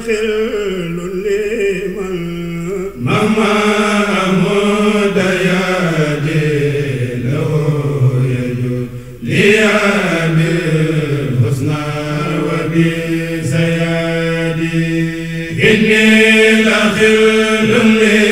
inni la xil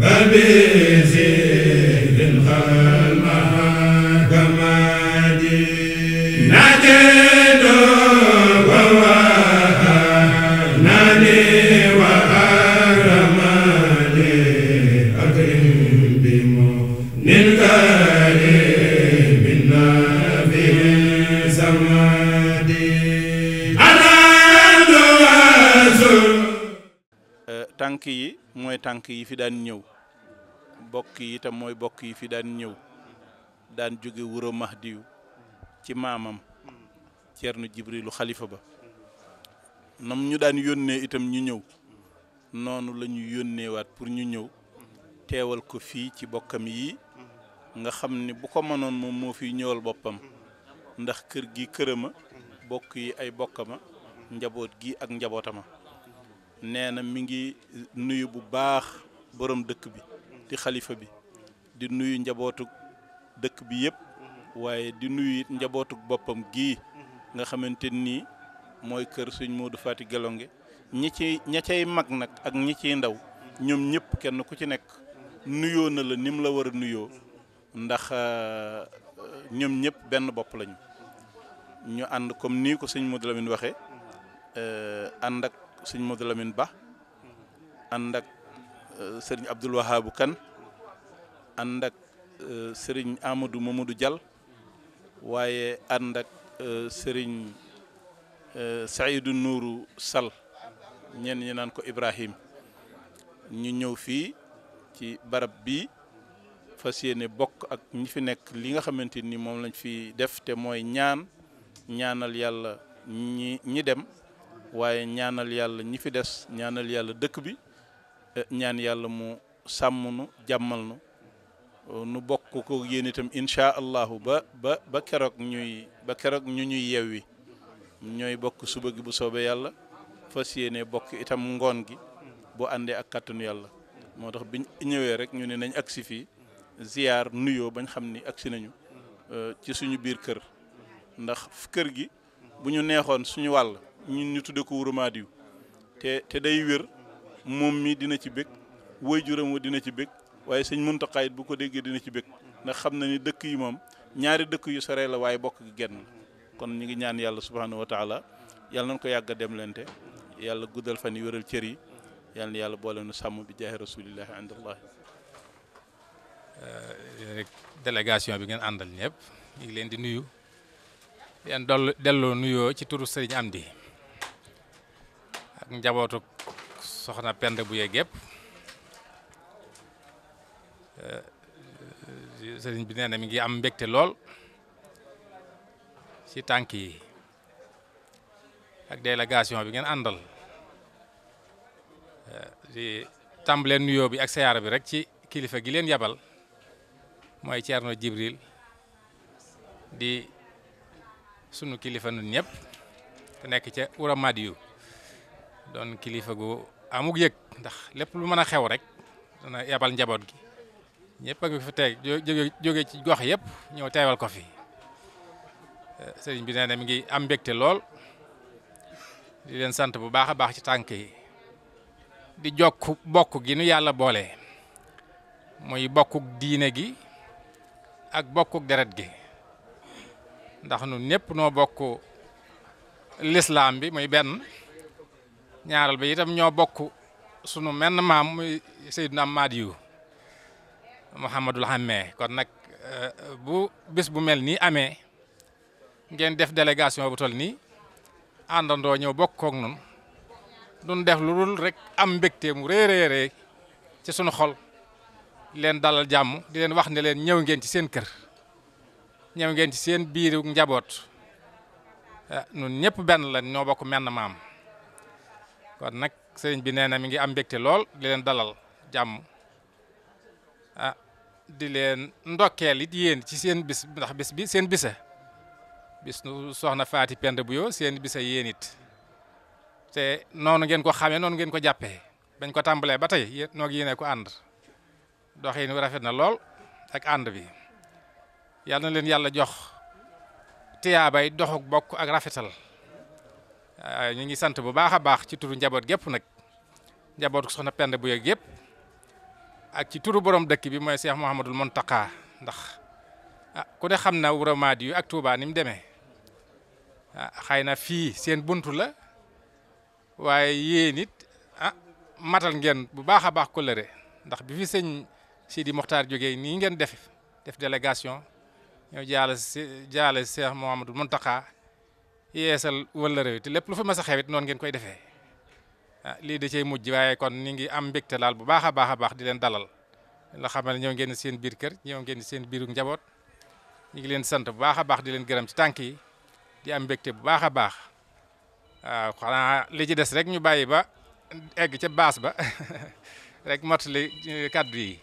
Rabbi tànk yi mooy tànk yi fi daan ñëw bokk yi itam mooy bokk yi fi daan ñëw daan jóge wuro diw ci maamam Ceerno Jibrilu xalifa ba nam ñu daan yónnee itam ñu ñëw noonu la ñu yónneewaat pour ñu ñëw teewal ko fii ci bokkam yi nga xam ne bu ko mënoon moom moo fiy ñëwal boppam ndax kër gi kërama bokk yi ay bokkama njaboot gi ak njabootama nee na mi ngi nuyu bu baax boroom dëkk bi di xalifa bi di nuyu njabootu dëkk bi yëpp waaye di nuyu it njabootu boppam gii nga xamante nii mooy kër sëñ Modou faati Gelonge ñi ci ña cay mag nag ak ñi ciy ndaw ñoom ñëpp kenn ku ci nekk nuyoo na la ni mu la war a nuyoo ndax euh, ñoom ñëpp benn bopp lañu ñu ànd comme nii ko sëñ Modou Lamine waxee euh, ànd ak. sëñ Modou Lamine Ba ànd ak euh, sëriñ Abdoul Kan ànd ak euh, sëriñ Amadou Mamadou Diall waaye ànd ak euh, sëriñ Saïdou Nourou Sall ñenn ñi naan ko Ibrahim ñu ñëw fii ci barab bi fas yéene bokk ak ñi fi nekk li nga xamante ni moom lañ fi def te mooy ñaan ñaanal yàlla ñi ñi dem waaye ñaanal yàlla ñi fi des ñaanal yàlla dëkk bi eh, ñaan yàlla mu sàmm nu jàmmal nu eh, nu bokk ko yéen itam incha allahu ba ba keroog ñuy ba keroog ñu ñuy yewwi ñooy bokk suba gi bu soobee yàlla fas yéene bokk itam ngoon gi bu àndee ak kàttanu yàlla moo tax bi ñëwee rek ñu ne nañ agsi fii ziyaar nuyoo bañ xam ni agsi nañu eh, ci suñu biir kër ndax kër gi bu ñu neexoon suñu wàll ñun ñu tudde ko Wuro Maadiyu te te day wér moom mii dina ci bég woy juram wa dina ci bég waaye sëñ Muntaxa it bu ko déggee dina ci bég ndax xam na ni dëkk yi moom ñaari dëkk yu sore la waaye bokk gi genn kon ñu ngi ñaan yàlla subhaanahu wa taala yàlla nañ ko yàgg a dem lente yàlla guddal fan yi wéral cër yi yàlla na yàlla boole nu sàmm bi jaahi rasulillahi indallahi eh, rek bi ngeen àndal ñëpp ñu ngi leen di nuyu leen doll delloo nuyoo ci turu sëriñ Amdi ak njabootu soxna Penda bu yee gépp eh, eh, sëriñ bi nee mi ngi am mbégte lool ci tànk yi ak délégation bi ngeen àndal eh, di tàmbalee nuyoo bi ak siyaara bi rek ci kilifa gi leen yabal mooy Thierno Jibril di sunu kilifa nun ñëpp te nekk ca Ouramadiou doon kilifa gu amug yëg ndax lépp lu mën a xew rek dana yabal njaboot gi ñëpp ak fi teg jóge ci gox yëpp ñëw teewal ko fi eh, sëriñ bi nee na mi ngi am mbégte lool di leen sant bu baax a baax ci tànk yi di jokk bokk gi nu yàlla boole muy bokkuk diine gi ak bokkuk deret gi ndax nu ñëpp noo bokk lislaam bi muy benn ñaaral bi itam ñoo bokk sunu menn maam seyduna Seydina Madiou Mouhamadul Hamme kon nag euh, bu bis bu mel nii amee ngeen def délégation bu tol nii àndandoo ñëw bokk ak nun duñ def lu dul rek am mbégte mu réeréeree ci sunu xol leen dalal jàmm di leen wax ne leen ñëw ngeen ci seen kër ñëw ngeen ci seen biiru njaboot nun euh, ñëpp benn lañ ñoo bokk menn maam kon nag sëriñ bi nee na mi ngi am mbégte lool di leen dalal jàmm ah di leen ndokkeel it yéen ci seen bis ndax bis bi seen bise bis soxna Faati Penda bu yoo seen bise yéen it te noonu ngeen ko xamee noonu ngeen ko jàppee bañ ko tàmbalee ba tey yéen noo yéene ko ànd doxin wi rafet na lool ak ànd bi yal na leen yàlla jox tiyaabay doxuk bokk ak rafetal ñu ngi sant bu baax a baax ci turu njaboot gépp nag njaboot soxna Penda bu yëg yëpp ak ci turu borom dëkk bi mooy Cheikh Mouhamadul Mountakha ndax ah ku ne xam na Wuro Madiyu ak Touba ni mu demee ah, xëy na fii seen buntu la waaye yéen it ah matal ngeen bu baax a baax kóllëre ndax bi fi sëñ Sidi Mokhtar jógee nii ngeen def def délégation ñoo jaale si jaale Cheikh Mouhamadul Mountakha yeesal wala réew te lépp lu fa mas a xewit noonu ngeen koy defee ah, lii de cey mujj waaye kon ni ngi am mbégte laal bu baax a baax a baax di leen dalal la xamal ñëw ngeen seen biir kër ñëw ngeen seen biiru njaboot ñu ngi leen sant bu baax a baax di leen gërëm ci tànk yi di am mbégte bu baax a baax waaw ah, xanaa li ci des rek ñu bàyyi ba egg ca baas ba rek mottali eh, kàddu yi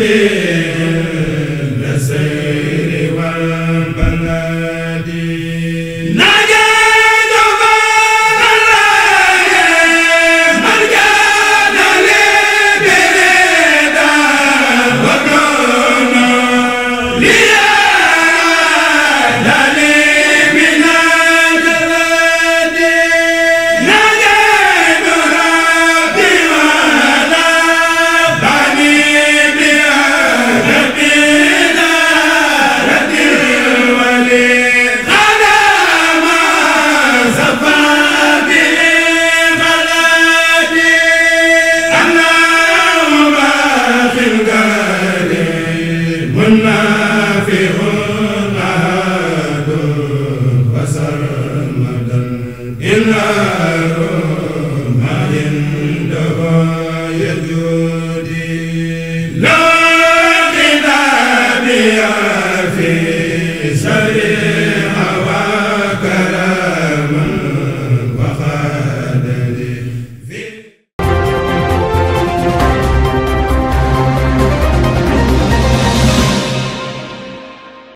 bi di la